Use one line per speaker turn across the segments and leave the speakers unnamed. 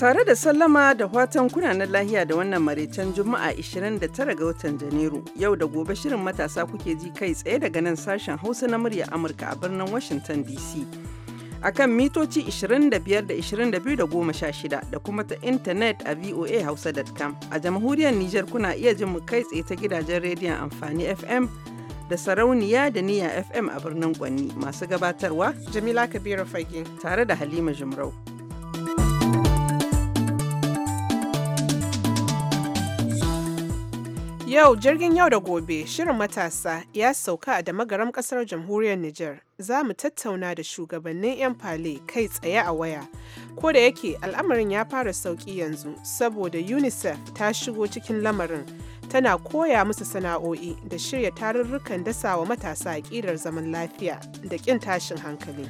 Tare da sallama da watan kunanan lahiya da wannan maraicen Juma'a 29 ga watan Janairu, yau da gobe shirin matasa kuke ji kai tsaye daga nan sashen Hausa na murya Amurka a birnin Washington DC. A kan mitoci 25 da 22 da 16 da kuma ta intanet a voahausa.com. A jamhuriyar Nijar kuna iya jin mu kai tsaye ta gidajen rediyon amfani FM da sarauniya da niya FM a birnin Gwanni masu gabatarwa Jamila Kabiru Fage tare da Halima Jumrau.
Yau jirgin yau da gobe shirin matasa ya sauka a damagaram kasar jamhuriyar Nijar. Za mu tattauna da shugabannin 'yan fale kai tsaye a waya. Ko da yake al'amarin ya fara sauki yanzu saboda UNICEF ta shigo cikin lamarin. Tana koya musu sana'o'i da shirya tarurrukan dasawa matasa a zaman lafiya da ƙin tashin hankali.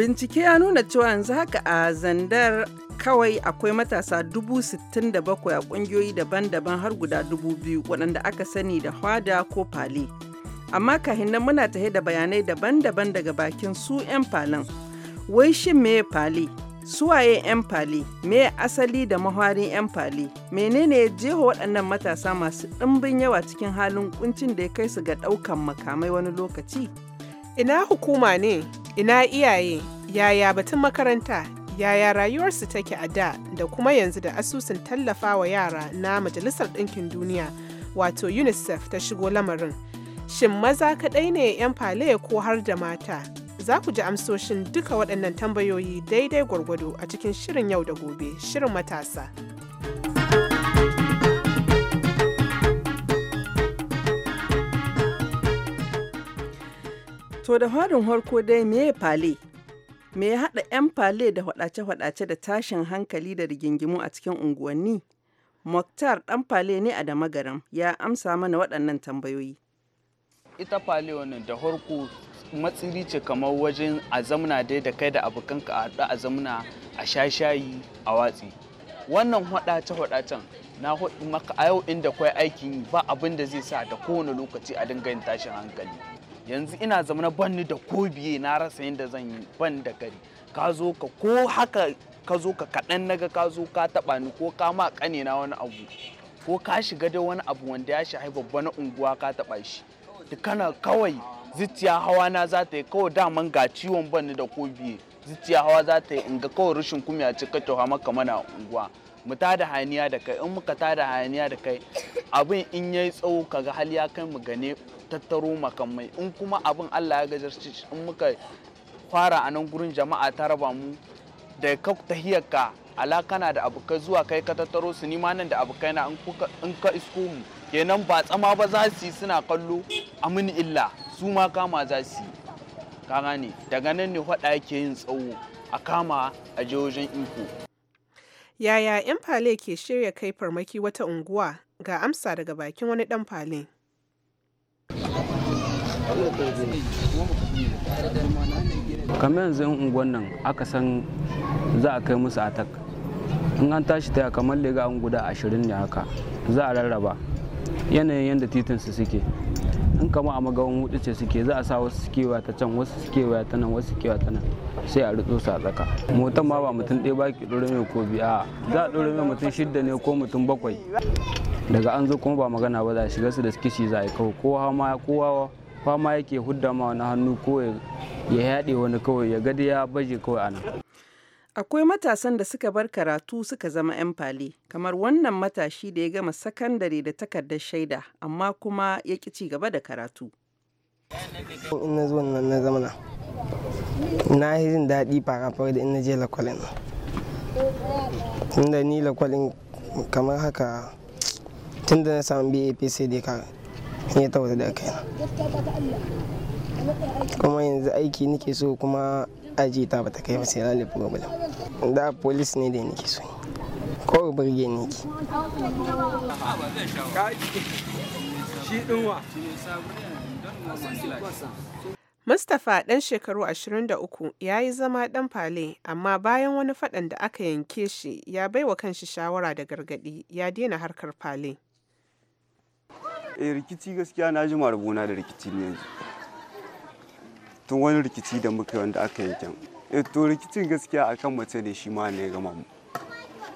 Bincike ya nuna cewa yanzu haka a zandar kawai akwai matasa bakwai a kungiyoyi daban-daban har guda 2,000 waɗanda aka sani da hwada ko fali. Amma kahin nan muna tahe da bayanai daban-daban daga bakin su 'yan falin. Wai shin me fali? Suwaye 'yan fali? Me asali da mahwarin 'yan fali? Menene ya jeho waɗannan matasa masu ɗimbin yawa cikin halin kuncin da ya kai su ga ɗaukan makamai wani lokaci? Ina hukuma ne? Ina iyaye? Yaya batun makaranta?
Yaya rayuwarsu take a da da kuma yanzu da asusun tallafa wa yara na Majalisar Ɗinkin Duniya wato UNICEF ta shigo lamarin. Shin maza kaɗai ne 'yan fale ko har da mata? Za ku ji amsoshin duka waɗannan tambayoyi daidai gwargwado a cikin shirin yau da gobe, shirin matasa.
To da farin harko dai me fale? Me ya haɗa 'yan fale da faɗace-faɗace da tashin hankali da rigingimu a cikin unguwanni? Moktar ɗan fale ne a damagaram ya amsa mana waɗannan tambayoyi.
Ita fale wani da harko matsiri ce kamar wajen a zamna dai da kai da abokanka a haɗu a zamna a sha shayi a watsi. Wannan faɗace-faɗacen na maka a yau inda kwai aikin yi ba abin da zai sa da kowane lokaci a dinga yin tashin hankali. yanzu ina zama banni da ko na rasa yadda zan yi ban da gari ka zo ka ko haka ka zo ka kaɗan naga ka zo ka taɓa ni ko ka ma ƙane na wani abu ko ka shiga da wani abu wanda ya shahi babba na unguwa ka taɓa shi kana kawai zuciya hawa na za ta yi kawai daman ga ciwon banni da ko biye zuciya hawa za ta yi in ga kawai rashin kumya ce ka kyau maka mana unguwa mu ta da haniya da kai in muka ta da haniya da kai abin in yayi tsawo kaga hal ya kai mu gane tattaro makamai in kuma abin allah ya gajarci in muka fara a nan gurin jama'a ta raba mu da ka tahiyarka alakana da abokai zuwa kai ka tattaro su nima nan da abokai na in ka isko mu kenan ba tsama ba za su yi suna kallo amin illa su ma kama za su yi ka gane daga nan ne hwada yake yin tsawo a kama a jihohin iko
yaya 'yan fale ke shirya kai farmaki wata unguwa ga amsa daga bakin wani dan fale
kamar yanzu yan unguwan nan aka san za a kai musu atak in an tashi taya kamar lega an guda ashirin ne haka za a rarraba yanayin yadda titinsu suke in kama a magawan hudu ce suke za a sa wasu suke ta can wasu suke ta nan wasu suke ta nan sai a rutsu su a tsaka motan ma ba mutum ɗaya ba ki ɗora mai ko biya za a ɗora mai mutum shidda ne ko mutum bakwai daga an zo kuma ba magana ba za a shiga su da kishi za a yi kawai kowa ma kowa fama yake hudda ma wani hannu ko ya yaɗe wani kawai ya gadi ya baje kawai ana.
Akwai matasan da suka bar karatu suka zama 'yan fale, kamar wannan matashi da ya gama sakandare da takardar shaida, amma kuma ya ƙi ci gaba da karatu.
na yi jin daɗi fara da ina je lakwalin. Inda ni lakwalin kamar haka tun da na samu bapc da ka ya tawata da kai kuma yanzu aiki nake so kuma aji ta bata kai ba sai lalle problem da police ne da nake so ko burge ne ki shi dinwa Mustapha ɗan shekaru 23 ya yi zama ɗan fale amma bayan wani faɗan da aka yanke shi ya baiwa kanshi shawara da gargaɗi ya daina harkar fale.
eh rikici gaskiya na ji na da rikici ne yanzu tun wani rikici da muka wanda aka yi kyan eh to rikicin gaskiya akan mace ne shi ma ne gama mu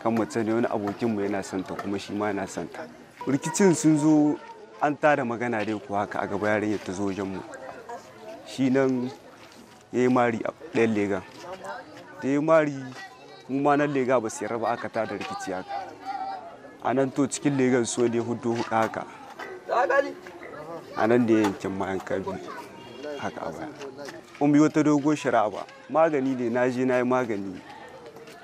kan mace ne wani abokin mu yana santa kuma shi ma yana santa rikicin sun zo an da magana dai ko haka a gaba yarinyar ta zo wajen mu shi nan ya yi mari a ɗayan lega da ya yi mari mu ma nan lega ba su yarda ba aka da rikici haka a nan to cikin legan so ne hudu haka a nan da yankin mayan kabi haka a baya in bi wata dogo shari'a ba magani ne na je na yi magani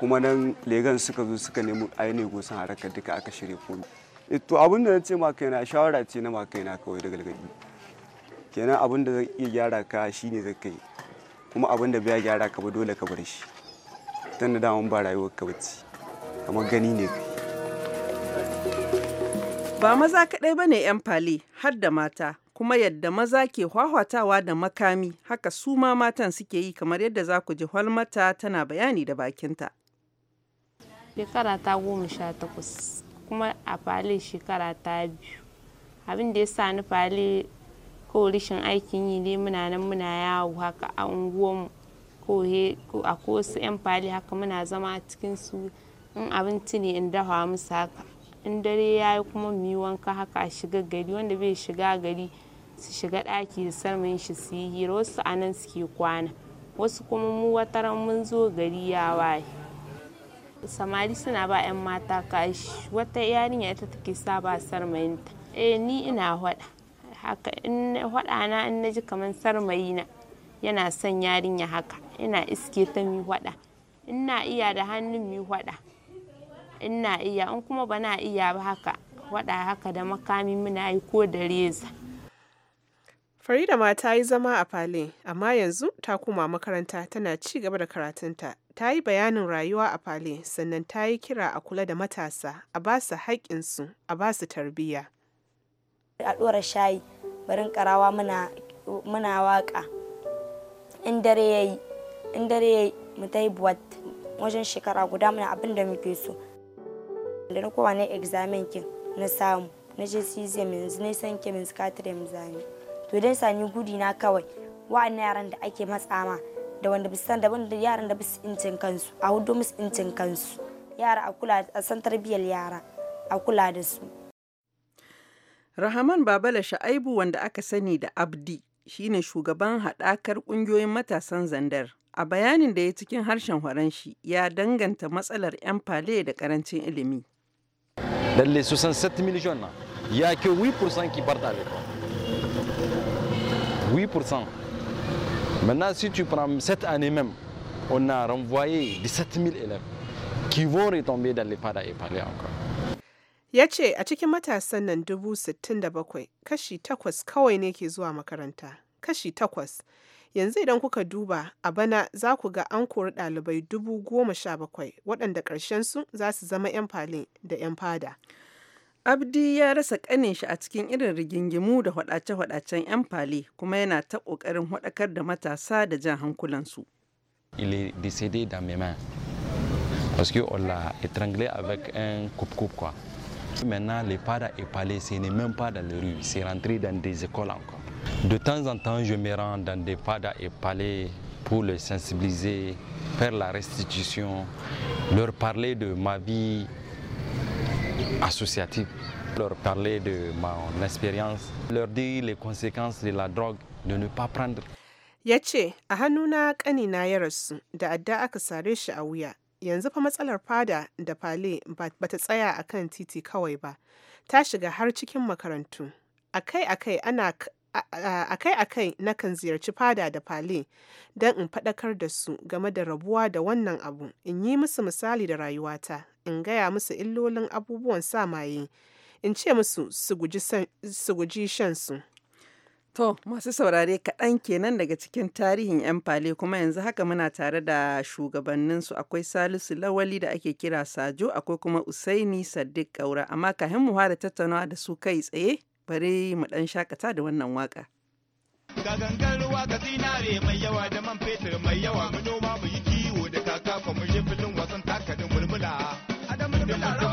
kuma nan legan suka zo suka nemi ainihin gosan harakar duka aka shirya komi eh, to abin da na ce makaina shawara ce na makaina kawai daga galgadi kenan abin da zai iya gyara ka shine zai kai kuma abin da bai gyara ka ba dole ka bar shi da daman ba rayuwar ka bace kamar gani ne kai
Ba maza kaɗai ba ne 'yan fale, har da mata, kuma yadda maza ke hwahwatawa da makami, haka su ma matan suke yi kamar yadda za ku ji halmata tana bayani da bakinta.
Shekara ta goma sha takwas, kuma a fale shekara ta biyu. Abin da ya sa ni fale ko rashin aikin yi ne muna nan muna yawo haka a unguwarmu ko a ko 'yan fali haka muna zama cikin su in abinci ne in dafa musu haka in dare ya yi kuma mu wanka haka a shiga gari wanda bai shiga gari su shiga ɗaki su sarmin shi su yi hira wasu a nan suke kwana wasu kuma mu wataran mun zo gari ya waye samari suna ba 'yan mata kashi wata yarinya ita take sa ba sarmayinta eh ni ina hwada haka in hwada na in naji kamar sarmayina yana son yarinya haka ina iske ta mi hwada ina iya da hannun mi hwada ina iya in kuma bana iya ba haka waɗa haka da makami muna yi ko da reza Farida ma ta yi
zama a Fale, amma yanzu ta koma makaranta tana ci gaba da karatunta. Ta yi bayanin rayuwa a Fale, sannan ta yi kira a kula da matasa, a ba su haƙƙinsu, a ba su tarbiyya.
A ɗora shayi, barin ƙarawa muna, waƙa. In dare ya yi, mu ta yi buwat wajen shekara guda muna abin da muke so. da na kowane examen kin na samu na je cesium yanzu na san kemin scattering examen to dan sani gudi na kawai wa'annan yaran da ake matsama da wanda bisu san da da yaran da bisu incin kansu a hudu musu incin kansu yara a kula a san tarbiyyar yara a kula da su
rahman Babala Sha'aibu wanda aka sani da Abdi shine shugaban haɗakar ƙungiyoyin matasan Zandar. A bayanin da ya cikin harshen Faranshi ya danganta matsalar 'yan fale da ƙarancin ilimi.
Dans les 67 000 jeunes, il n'y a que 8% qui partent à l'école. 8%. Maintenant, si tu prends cette année même, on a renvoyé 17 000 élèves qui vont retomber dans les paras et parler encore.
Ya ce a cikin matasan nan dubu sittin da bakwai kashi takwas kawai ne ke zuwa makaranta, kashi takwas. yanzu idan kuka duba a bana za ku ga an kori ɗalibai dubu goma sha bakwai waɗanda ƙarshensu za su zama 'yan fale da 'yan fada abdi
ya rasa ƙanin shi a cikin irin rigingimu da hwadace-hwadacen 'yan fale kuma yana ta ƙoƙarin hwadakar da matasa da jan hankulansu
Il est décédé dans mes mains parce qu'on l'a étranglé avec un coupe-coupe quoi. Maintenant, les pas et palais, ce n'est même pas dans les rues, c'est rentré dans des écoles encore. De temps en temps, je me rends dans des padas et palais pour les sensibiliser, faire la restitution, leur parler de ma vie associative, leur parler de mon expérience, leur dire les conséquences de la drogue, de ne pas prendre.
Yace, a hannuna ƙanina ya rasu da adda aka sare shi a wuya, yanzu fa matsalar fada da fale ba ta tsaya a kan titi kawai ba, ta shiga har cikin makarantu. Akai-akai ana akai-akai nakan ziyarci fada da fale don in faɗakar da su game da rabuwa da wannan abu in yi musu misali da rayuwata in gaya musu illolin abubuwan sa maye in
ce musu su guji shan su. To, masu saurare kaɗan kenan daga cikin tarihin 'yan fale kuma yanzu haka muna tare da shugabanninsu akwai Salisu Lawali da ake kira Sajo akwai kuma Usaini Sadiq Kaura amma kahin mu da tattaunawa da su kai tsaye Bari mu ɗan shakata da wannan waka.
Ga gangar waka zinare mai yawa da man fetur mai yawa mu noma mu yi kiwo da kaka mu je filin wasan takadin mulmula adamu da mulmula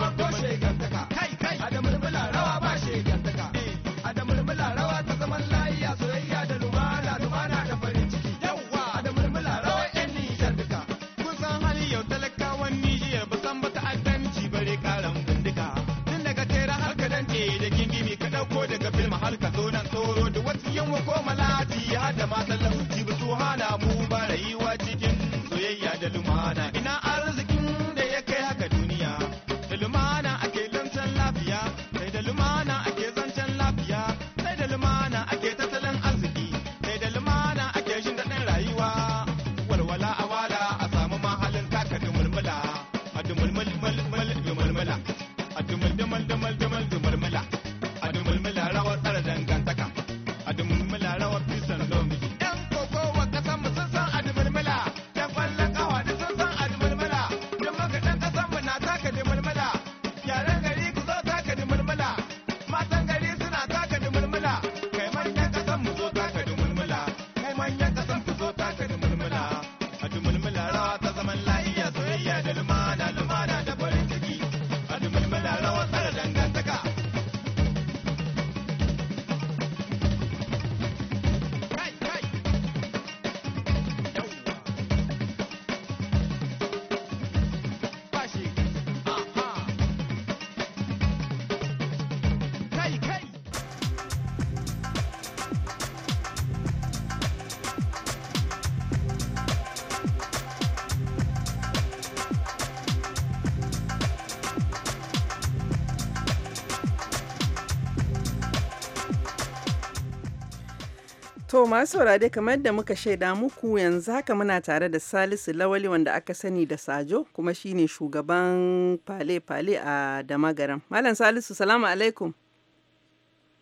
To masu saurare kamar da muka shaida muku yanzu haka muna tare da Salisu Lawali wanda aka sani da Sajo kuma shine shugaban fale-fale a Damagaram. Malam Salisu salamu alaikum.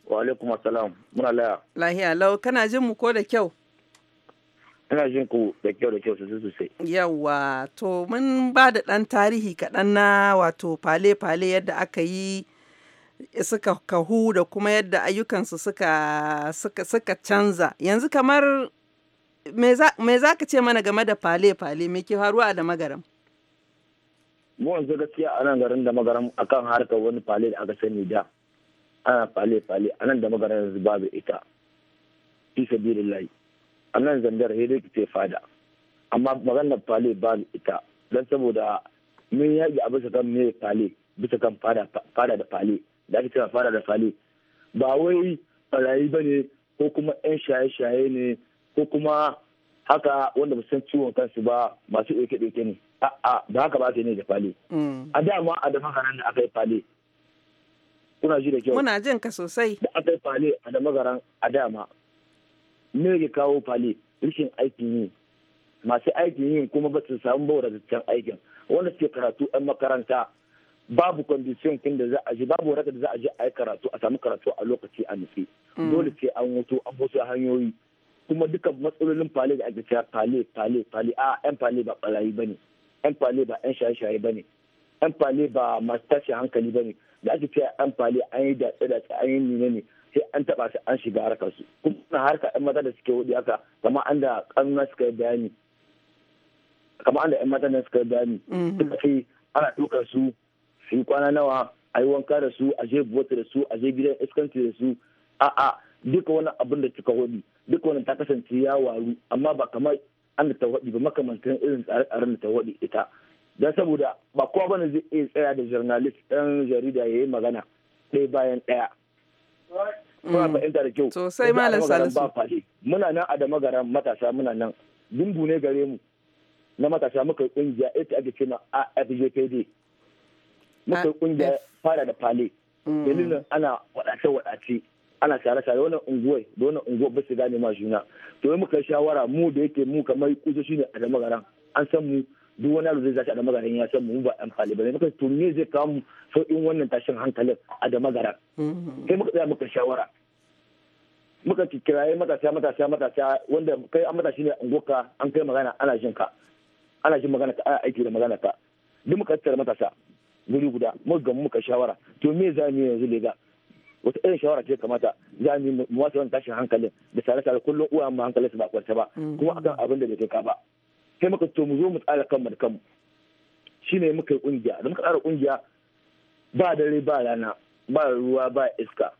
Wa alaikum assalam muna laya.
Lahiya lau kana jin mu ko da kyau?
Ina jin ku da kyau da kyau sosai sosai.
Yawwa to mun ba da ɗan tarihi kaɗan na wato fale-fale yadda aka yi suka kahu da kuma yadda ayyukansu suka, suka, suka canza yanzu kamar me za ka ce mana game da fale-fale me ke faruwa da magaram
mu wanzu gaskiya a nan garin da magaram akan harkar wani fale da aka sani da ana fale-fale a nan da magaram yanzu babu ita fi sabilillahi a nan zandar hedai ce fada amma maganar fale babu ita don saboda mun yaƙi a bisa kan me fale bisa kan fada da fale da ake cewa fara da fali ba wai barayi ba ne ko kuma 'yan shaye-shaye ne ko kuma haka wanda san ciwon kansu ba masu ɗauke-ɗauke ne a'a ba haka ba ta ne da fali a mm. dama a da magaran da aka yi fali kuna ji da kyau muna jin ka sosai da aka yi fali a da magaran a dama me ya kawo fali rikin aikin yi masu aikin yi kuma ba su samu da can aikin wanda suke karatu 'yan makaranta babu condition kin da za a je babu waraka da za a je a yi karatu a samu karatu a lokaci a nufi mm. dole sai an wuto an wasu hanyoyi kuma duka matsalolin fale da ake cewa fale fale fale a yan fale ba ba bane yan fale ba yan shaye-shaye bane yan fale ba masu tashi hankali bane da ake cewa yan fale an yi datse datse an yi nune ne sai an taba su an shiga harkar su kuma harka yan mata da suke wuɗi haka kamar an da ƙanuna suka yi bayani kamar an da yan mata da suka yi bayani mm. suka ce ana ɗaukar su su kwana nawa a yi wanka da su a je bota da su a je gidan iskanci da su a a duka wani abin da kika hudu duka wani ta kasance ya waru amma ba kamar an da ta ba makamantan irin tsare-tsaren da ta ita don saboda ba kowa bane zai iya tsaya da journalist ɗan jarida ya yi magana ɗaya bayan ɗaya. Mm. Sosai malam Salisu. Muna nan a da magaran matasa muna nan. Dumbu ne gare mu na matasa muka yi ƙungiya ita ake ce a AFJPD. muka ah, kungiyar fara da fale mm. dalilin ana wadace wadace ana share share wannan unguwai da wannan unguwar ba su gane ma juna to muka shawara mu da yake mu kamar kuzo ne a da magaran an san mu duk wani abu zai zaci a da magaran ya san mu ba an fale ne muka to me zai kawo mu sauƙin wannan tashin hankalin a da magaran mm-hmm. sai muka tsaya muka shawara muka kiraye matasa matasa matasa wanda kai an matashi ne unguwarka an kai magana ana jin ka ana jin magana ka ana aiki da magana ka duk muka tattara matasa guri guda muka gamu muka shawara to me za mu yanzu lega wata irin shawara ce kamata za mu mu wasu wani tashin hankalin da tare tare kullum uwa mu hankalin su ba kwarta ba mm. kuma akan abin da bai kai ka ba sai muka to mu zo mu tsara kanmu da kanmu shine muka yi kungiya da muka tsara kungiya ba dare ba rana ba ruwa ba iska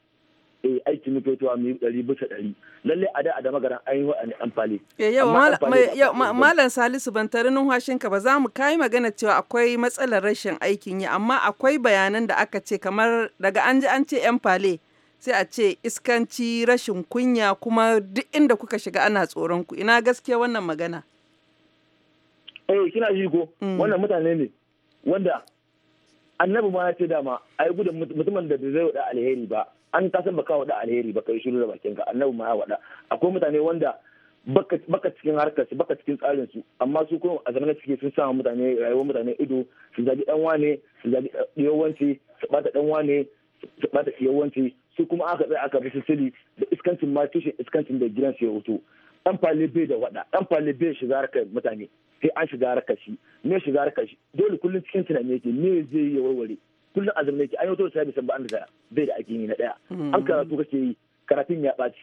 eh aikin mu fetuwa mu yi ɗari bisa ɗari lalle a da a da magaran an yi an amfani. malam
salisu ban tare numfashin ka ba za mu kai magana cewa akwai matsalar rashin aikin yi amma akwai bayanan da aka ce kamar daga an ji an ce yan fale sai a ce iskanci rashin kunya kuma duk inda kuka shiga ana tsoron ku ina gaskiya wannan magana.
eh kina ji ko mm. wannan mutane ne wanda annabi ma ya ce dama ai gudun mutumin da zai wada alheri ba an ta san baka wada alheri baka yi shiru da bakin ka annabi ma ya wada akwai mutane wanda baka cikin harkar su baka cikin tsarin su amma su kuma a zamanin cike sun sama mutane rayuwar mutane ido su zabi dan wane su zabi yawanci su bata dan wane su bata yawanci su kuma aka tsaya aka fi sili da iskancin ma tushen iskancin da gidan su ya wuto dan fale bai da wada dan fale bai shiga harkar mutane sai an shiga harkar shi me shiga harkar shi dole kullum cikin tunani yake me zai yi warware kullum azumi ne ki an yi wata service ba an da bai da yi na daya hmm. an karatu kake yi karatun ya ɓaci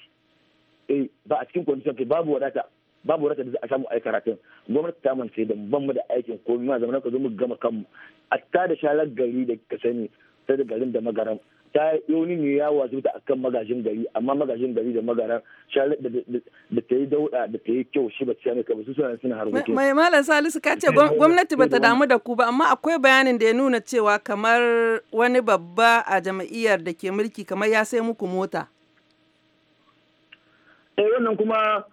eh, ba a cikin condition ke babu wadata babu wadata da za a samu ai karatun gwamnati ta mance da ban mu da aikin komai ma zama ka zo mu gama kanmu a ta da shalar gari da ka sani ta da garin da magaran ta yoni ne ya wasu da akan magajin gari amma magajin gari da magaran da ta yi dauda da ta yi kyau shi ba ta ne ka su suna suna harkokin mai
malam salisu ka ce gwamnati ba ta damu da ku ba amma akwai bayanin da ya nuna cewa kamar wani babba a jam'iyyar da ke mulki kamar ya sai muku mota
eh wannan kuma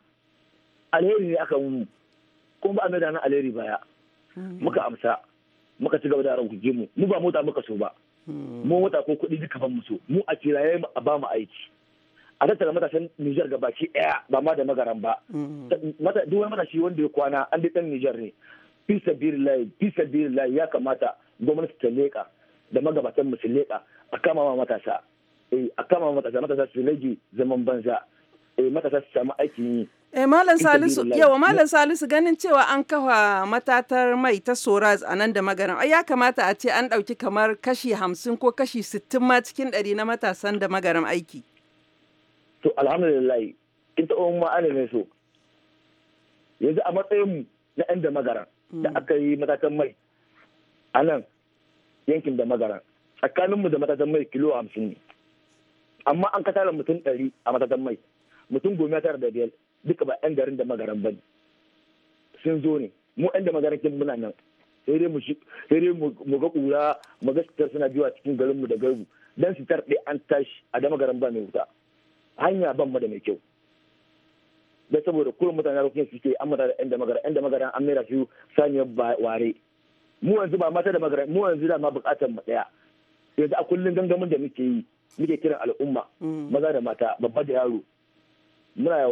alheri ne aka mu kuma ba a mai da alheri baya hmm. muka amsa muka ci gaba da ranku mu mu ba mota muka so ba mu wata ko kuɗi duka ban musu mu a kiraye a ba mu aiki a tattara matasan Nijar ga baki ɗaya ba ma da magaran ba mm. duk wani matashi wanda ya kwana an dai ɗan Nijar ne fi sabilillahi fi sabilillahi ya kamata gwamnati ta leƙa da magabatan mu su leƙa a kama ma matasa eh, a kama ma matasa matasa su rage zaman banza eh, matasa su samu aikin yi
Eh Malam Salisu, yawa Malam Salisu ganin cewa an kafa matatar mai ta Soraz a nan da magaran. Ai ya kamata a ce an ɗauki kamar kashi hamsin ko kashi sittin ma cikin ɗari na matasan da magaran aiki.
To alhamdulillah, in ta ma ana ne so. Yanzu a matsayin na 'yan da magaran hmm. da aka yi matatan mai a nan yankin da magaran. Tsakaninmu da matatan mai kilo hamsin ne. Amma an kasa da mutum ɗari a matatan mai. Mutum goma tara da biyar duka ba 'yan garin da magaran ba sun zo ne mu 'yan da magaran kin muna nan sai dai mu ga kura mu ga sitar suna biyu a cikin garinmu da garbu dan sitar ɗaya an tashi a da magaran ba mai wuta hanya ban ma da mai kyau da saboda kullum mutane rukin suke an mutane 'yan da magaran 'yan da magaran an mera su saniyar ware mu yanzu ba mata da magaran mu yanzu da ma bukatar mu ɗaya yanzu a kullum gangamin da muke yi muke kiran al'umma mm. maza da mata babba da yaro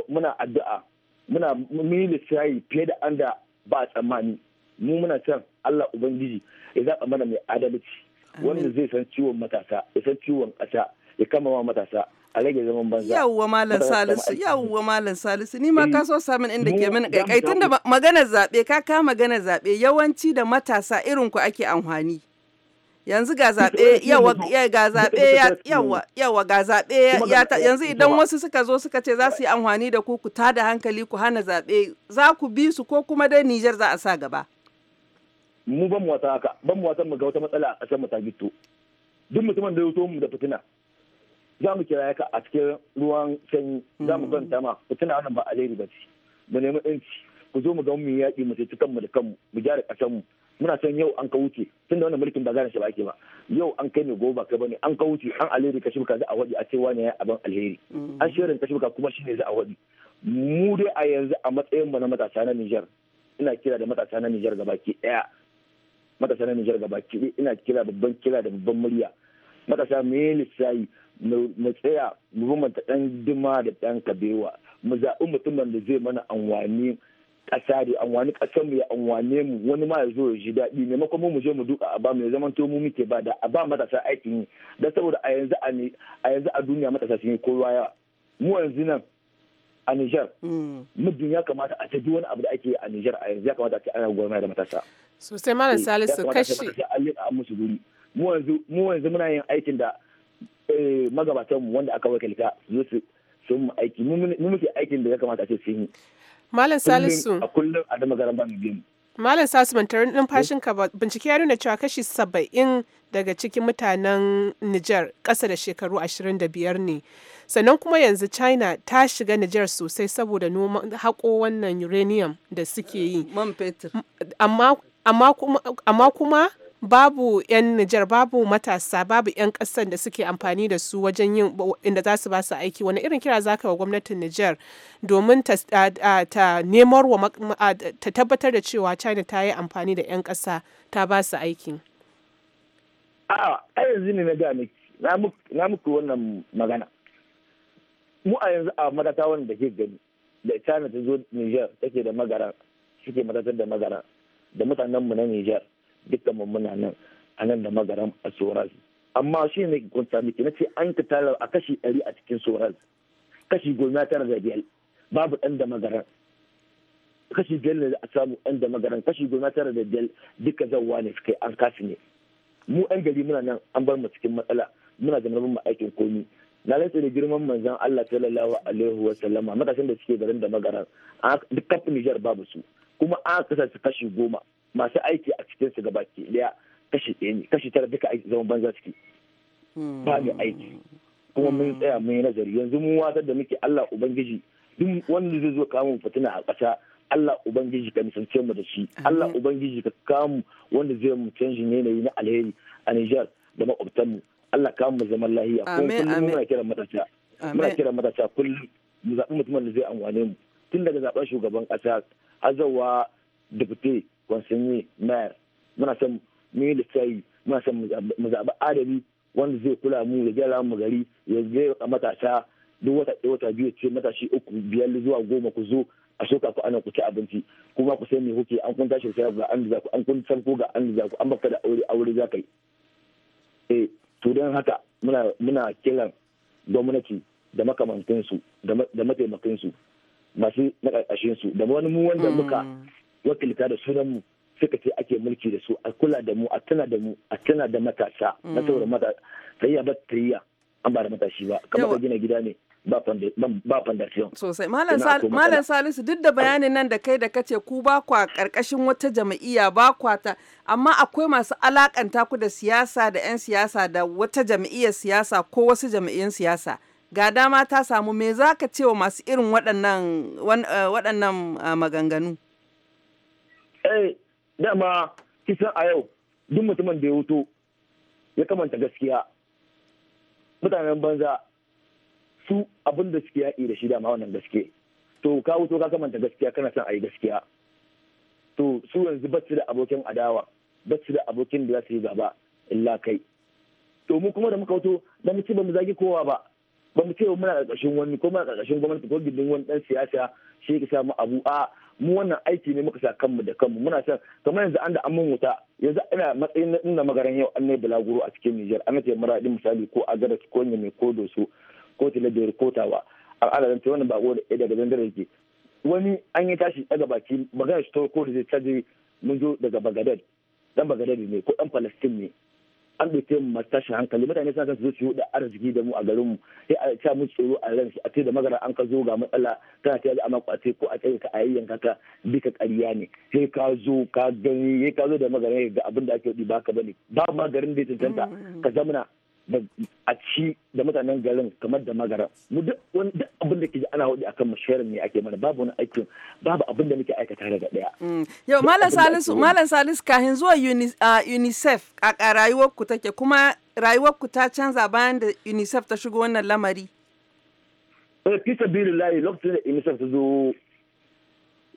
muna addu'a muna mun lissayi fiye da an da ba a tsammani mu muna can Allah ubangiji ya zaɓa mana mai adalci wanda zai san ciwon matasa ya san ciwon ƙasa ya kama ma matasa a rage zaman banza yawwa malam salisu
yawwa malam salisu ni ma ka so samun inda ke eh, mini kaikai tunda maganar zaɓe ka ka maganar zaɓe yawanci da matasa irin ku ake amfani yanzu ga zaɓe yawa ga zaɓe ga zaɓe yanzu idan wasu suka zo suka ce za su yi amfani da ku ku da hankali ku hana zaɓe za ku bi su ko kuma dai Nijar za a sa gaba.
Mu ban mu wasa haka ban mu wasa mu ga wata matsala a can mu ta gito duk mutumin da ya zo mu da fitina za mu kira ka a cikin ruwan sanyi za mu hmm. kwanta ma fitina wannan ba alheri ba ce mu nemi ɗanci ku zo mu ga mu yaƙi mu sai kanmu da kanmu mu gyara ƙasar mu muna son yau an ka wuce tunda wannan mulkin ba zan shi ba ake ba yau an kai ne gobe ba kai bane an ka wuce an alheri ka shibka za a wadi a ce wani ya abin alheri mm. an shirin ka shibka kuma shine za a wadi mu dai a yanzu a matsayin mu na matasa na Niger ina kira da matasa na Niger gabaki daya matasa na Niger gabaki ina kira babban kira da babban murya matasa me lissayi mu tsaya mu bambanta dan dima da dan kabewa mu zaɓi mutumin da zai mana anwani ƙasa da wani ƙasar mu ya wane mu wani ma ya zo ya ji daɗi makon mu je mu duka a mu ya zaman to mu muke ba da a ba matasa aikin yi da saboda a yanzu a yanzu a duniya matasa sun yi kowa ya mu yanzu nan a Nijar. Mm. Muddin ya kamata a tafi wani abu da ake a Nijar a yanzu ya kamata a ce ana gwamnati da matasa.
Sosai malam eh, Salisu kashi.
a musu guri. Mu yanzu mu yanzu muna yin aikin da eh, magabatan mu wanda aka wakilta su zo su sun aiki mu muke aikin da ya kamata a ce sun yi.
Malam Salisu. A
kullum a dama garan gini.
Malam Salisu mantar eh? numfashin ka bincike ya nuna cewa kashi saba'in daga cikin mutanen Nijar ƙasa da shekaru ashirin da biyar ne. Sannan kuma yanzu China ta shiga Nijar sosai saboda noman haƙo wannan uranium da suke yi. Man Amma kuma babu 'yan Nijar babu matasa babu 'yan ƙasar da suke amfani da su wajen yin inda za su ba su aiki wani irin kira za ka wa gwamnatin Nijar domin ta, nemar wa ta tabbatar da cewa China ta yi amfani da 'yan ƙasa ta ba
su aiki. A'a, a yanzu ne na ga na muku wannan magana. Mu a yanzu a matata wanda ke gani da China ta zo Nijar take da magara, suke matatar da magara da mutanenmu na Nijar. duka muna nan a nan da magaran a soraz amma shi ne gunta miki na ce an ka tara a kashi ɗari a cikin soraz kashi goma tara da biyar babu ɗan da magaran kashi biyar ne a samu ɗan da magaran kashi goma tara da biyar duka zawwa ne suka an kasu ne mu ɗan gari muna nan an bar mu cikin matsala muna da mu aikin komi na rantsa da girman manzon Allah sallallahu alaihi wa sallama matasan da suke garin da magaran duk kafin Nijar babu su kuma an kasa su kashi goma masu aiki a cikin su gabaki daya kashi ɗaya ne kashi tara duka aiki zaman banza ciki hmm. ba mu aiki kuma mun tsaya mun yi nazari yanzu mun watsar da muke Allah ubangiji duk wanda zai zo kamun fitina a ƙasa Allah ubangiji ka nisance mu da shi Allah ubangiji ka kamu wanda zai mu canji yanayi na alheri a Nijar da mu Allah kamu zaman lahiya kuma kullum muna kira matasa muna kira matasa kullum mu zaɓi mutumin da zai amfane mu tun daga zaɓen shugaban ƙasa azawa dubute wasanni mayar muna son mu yi muna son mu zaɓi adali wanda zai kula mu ya gyara mu gari ya zai matasa duk wata ɗaya wata biyu ce matashi uku biyar zuwa goma ku zo a soka ku ana ku ci abinci kuma ku sai me kuke an kun tashi sai ga an da ku an kun san ko ga an da ku an baka da aure aure za ka yi eh to don haka muna muna kiran gwamnati da makamantansu da mataimakansu masu na ƙarƙashin su da wani mu wanda muka mm. wakilta da sunan mu suka ce ake mulki da su a kula da mu a tana da mu a tana da matasa na mm. saboda mata tayya ba tayya an ba da matashi ba kamar gina gida ne ba fondation sosai malam
salisu duk da bayanin nan da kai da kace ku ba kwa karkashin wata jam'iyya ba kwa ta amma akwai masu alakanta ku da siyasa da yan siyasa da wata jam'iyyar siyasa ko wasu jam'iyyun siyasa ga dama ta samu me ka ce wa masu irin waɗannan eh, waɗannan eh, maganganu
eh dama kisan a yau duk mutumin da ya wuto ya kamanta gaskiya mutanen banza su abin da suke yaƙi da shi dama wannan gaske to ka wuto ka kamanta gaskiya kana son a yi gaskiya to su yanzu ba da abokin adawa ba su da abokin da za su yi gaba illa kai to mu kuma da muka wuto da mu ce ba mu zagi kowa ba ba mu ce muna karkashin wani ko muna ƙarƙashin gwamnati ko gindin wani dan siyasa shi ya samu abu a mu wannan aiki ne muka sa kanmu da kanmu muna san kamar yanzu an da an mun wuta yanzu ina matsayin na magaran yau an nai bulaguro a cikin Nijar an ce maradi misali ko a gara ko ne mai ko doso ko tilabiyar ko tawa a alalan ta wannan bako da daga dandare yake wani an yi tashi daga baki magana shi ta ko da zai caji mun zo daga Bagadad dan Bagadad ne ko dan Palestine ne an kai mu tashin hankali mutane suna su zo su da arziki da mu a mu sai a sa mu tsoro a ran a ce da magana an ka zo ga matsala kana ta amma kwace ko a tsaye ka a yayyan ka bika ƙarya ne sai ka zo ka gani sai ka zo da magana ga abin da ake yi ba ka bane ba ma garin da ya cancanta mm. ka zamana a ci da mutanen garin kamar da magara mu duk wani abin da ke ji ana hudu kan mashayarar ne ake mana babu wani aikin babu abin da muke aikata daga daya mm. yau malam salisu malam
salisu kahin zuwa unicef a rayuwar ku take kuma rayuwar ku ta canza bayan da unicef ta shigo wannan lamari
eh fi layi lokacin da unicef ta zo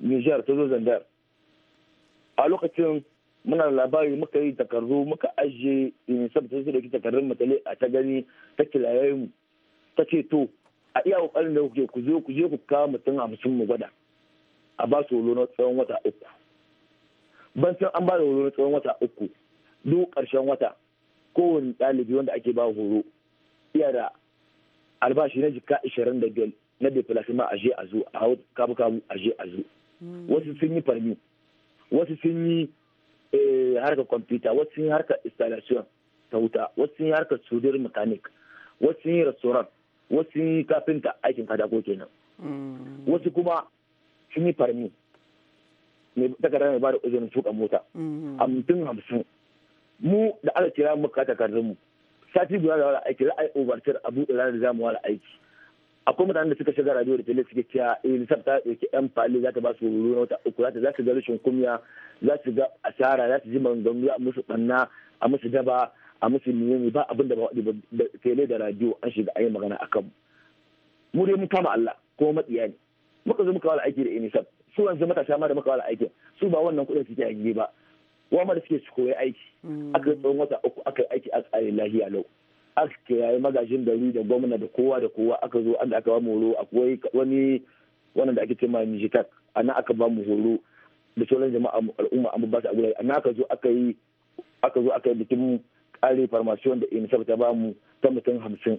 Niger ta zo Zandar a lokacin muna da labari muka yi takardu muka ajiye sabta su dauki takardun matale a ta gani ta kilaye mu ta ce to a iya kokarin da kuke ku zo ku je ku kawo mutum a hamsin mu gwada a ba su na tsawon wata uku ban san an ba da horo na tsawon wata uku duk ƙarshen wata kowane ɗalibi wanda ake ba horo iya da albashi na jika ishirin da biyar na defilasima a je a zo a hau kabu kabu a je a zo hmm. wasu sun yi farmi wasu sun yi Eh, harkar kwamfuta wasu sun yi harkar installation ta wuta wasu sun yi harkar sudir mechanic wasu sun yi restaurant wasu sun yi kafinta aikin katako kenan
mm.
wasu kuma sun yi farmi mai takarda mai bada izinin tuka mota mm. a mutum hamsin mu da aka kira mu ka mu sati guda da wala aiki za a yi a buɗe ranar da za mu wala aiki akwai mutanen da suka shiga radio da tele suke cewa elisab eh, ta ɗauki yan fali za ta ba su ruru na wata uku za ta su ga rashin kumya za su ga asara za su ji maganganu a musu ɓanna a musu daba a musu miyami ba abin da ba waɗi ba tele da radio an shiga a yi magana a kan mu dai mun kama Allah ko matsiya ne muka zo muka wala aiki da inisaf su wanzu matasa ma da muka wala aiki su ba wannan kuɗin suke a ba wa ma da suke su koyi aiki mm. aka yi tsawon wata uku aka yi aiki a tsarin lahiya lau ya yi magajin gari da gwamna da kowa da kowa aka zo an da aka ba mu horo akwai wani wannan da ake cewa nijitak a nan aka ba mu horo da sauran jama'a al'umma an ba a gurare a nan aka zo aka yi aka zo aka yi bikin kare farmasiyon da in ta bamu ta mutum hamsin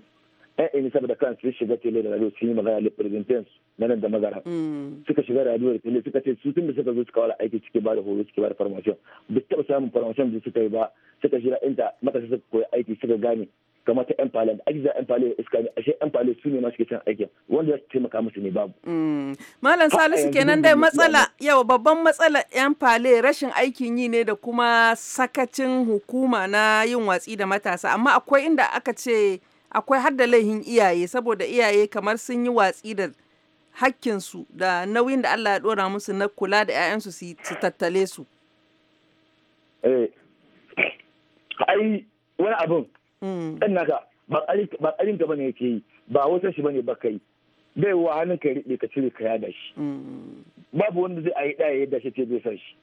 yan in da kansu sun shiga tele da radio sun yi magana da presidents na nan da magara mm. suka shiga radio da tele suka ce su tun da suka zo suka wala aiki suke ba da horo suke ba da farmasiyon duk taɓa samun farmasiyon da suka yi ba suka shiga inda matasa suka koyi aiki suka gane kamar ta 'yan da ake 'yan iska ne ashe 'yan su ne masu ke aikin wanda za su taimaka musu ne babu.
Mm. malam salisu kenan dai matsala yau babban matsala 'yan fale rashin aikin yi ne da kuma sakacin hukuma na yin watsi da matasa amma akwai inda aka ce akwai har da laihin iyaye saboda iyaye kamar sun yi watsi da hakkinsu da nauyin da Allah ya dora musu na kula da 'ya'yansu su tattale su.
Eh. ai wani abin ɗan mm. naka ba ƙarin ka bane yake yi ba wata shi bane ba kai bai wa hannun ka riɓe ka cire ka yada shi mm. babu wanda zai ayi ɗaya yadda shi ce zai san shi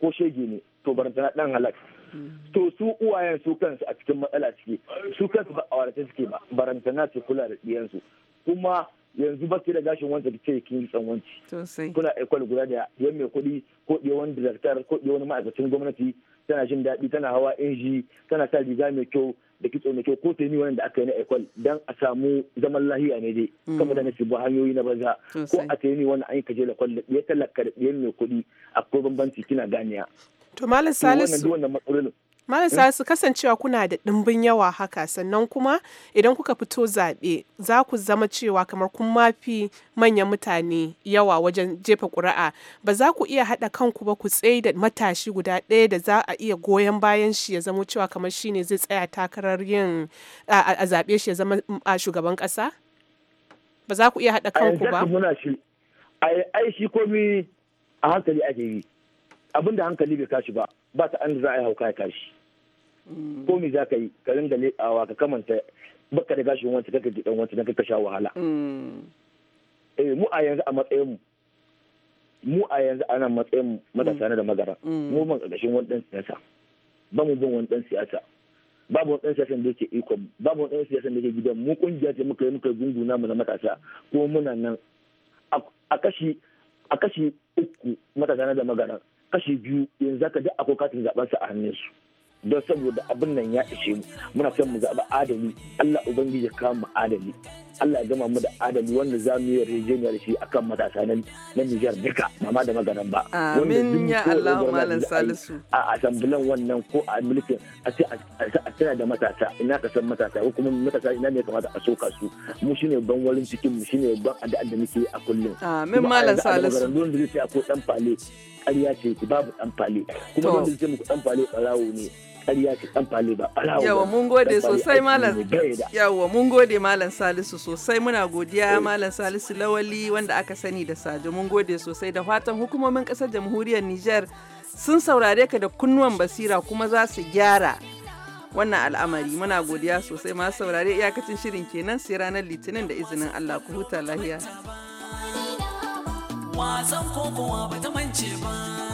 ko shege ne to barantana ɗan halak mm. to su uwayen su kansu a cikin matsala suke su kansu ba a awarace suke ba barantana ce kula da ɗiyansu kuma yanzu ba da gashin wanda ta ce kin tsanwanci kuna ikwal guda da yan mai kuɗi ko ɗiya wani director ko wani ma'aikacin gwamnati tana jin daɗi tana hawa inji tana sa riga mai kyau da kitso mai kyau ko ta yi da aka yi na ekwal don a samu zaman lahiya ne dai mm. kama da na shigo hanyoyi na banza ko a ta yi wani an yi kaje da kwallo ya talaka da mai kuɗi akwai bambanci kina ganiya. to malam salisu wannan matsalolin
Malasa su kasancewa kuna da ɗimbin yawa haka sannan kuma idan kuka fito zaɓe za ku zama cewa kamar kun mafi manyan mutane yawa wajen jefa ƙuri'a ba za ku iya haɗa kanku ba ku tsaye da matashi guda ɗaya da za a iya goyon bayan shi ya zama cewa kamar shi ne zai tsaya takarar yin a zaɓe shi ya zama mm, a shugaban ƙasa? Ba za ku iya haɗa kanku ba?
Ai shi komi a hankali ake yi abinda hankali bai kashi ba. ba ta an za a yi hauka ya kashi mm. ko me za ka yi ka ringa leƙawa ka kamanta baka da gashin wancan ka ji dan wancan ka sha wahala mm. eh mu a yanzu a matsayin mu mu a yanzu ana matsayin matasa mm. na da magara mu ban ƙarƙashin wani dan siyasa ba mu bin wani dan siyasa babu wani ɗan siyasan da yake ikon babu wani ɗan siyasan da yake gidan mu kungiya ce muka yi muka gungu namu na matasa ko muna nan a kashi a kashi uku matasa na da magana kashi biyu yanzu ka duk akwai katin zaɓen su a hannun su don saboda abin nan ya ishe mu muna son mu zaɓi adali Allah ubangiji ka mu adali Allah ya gama mu da adali wanda za mu yi yarjejeniya da shi akan matasa na Nijar duka mama da maganan ba. Amin ya Allah malam Salisu. A asambulan wannan ko a mulkin a ce a tana da matasa ina ka san matasa ko kuma matasa ina ne kamata a soka su mu shine ban walin cikin mu shine ban adda da muke a kullum. Amin malam Salisu. Kuma a da zai ce akwai dan fale ƙarya ce babu dan fale kuma wanda zai ce muku dan fale ɓarawo ne. ƙarya ta ba yawa mun gode sosai malam
yawa mun gode malam salisu sosai muna godiya malam salisu lawali wanda aka sani da sajo mun gode sosai da fatan hukumomin ƙasar jamhuriyar nijar sun saurare ka da kunnuwan basira kuma za su gyara wannan al'amari muna godiya sosai ma saurare iyakacin shirin kenan sai ranar litinin da izinin Allah ku huta lahiya. Wasan kokowa ba ta mance ba.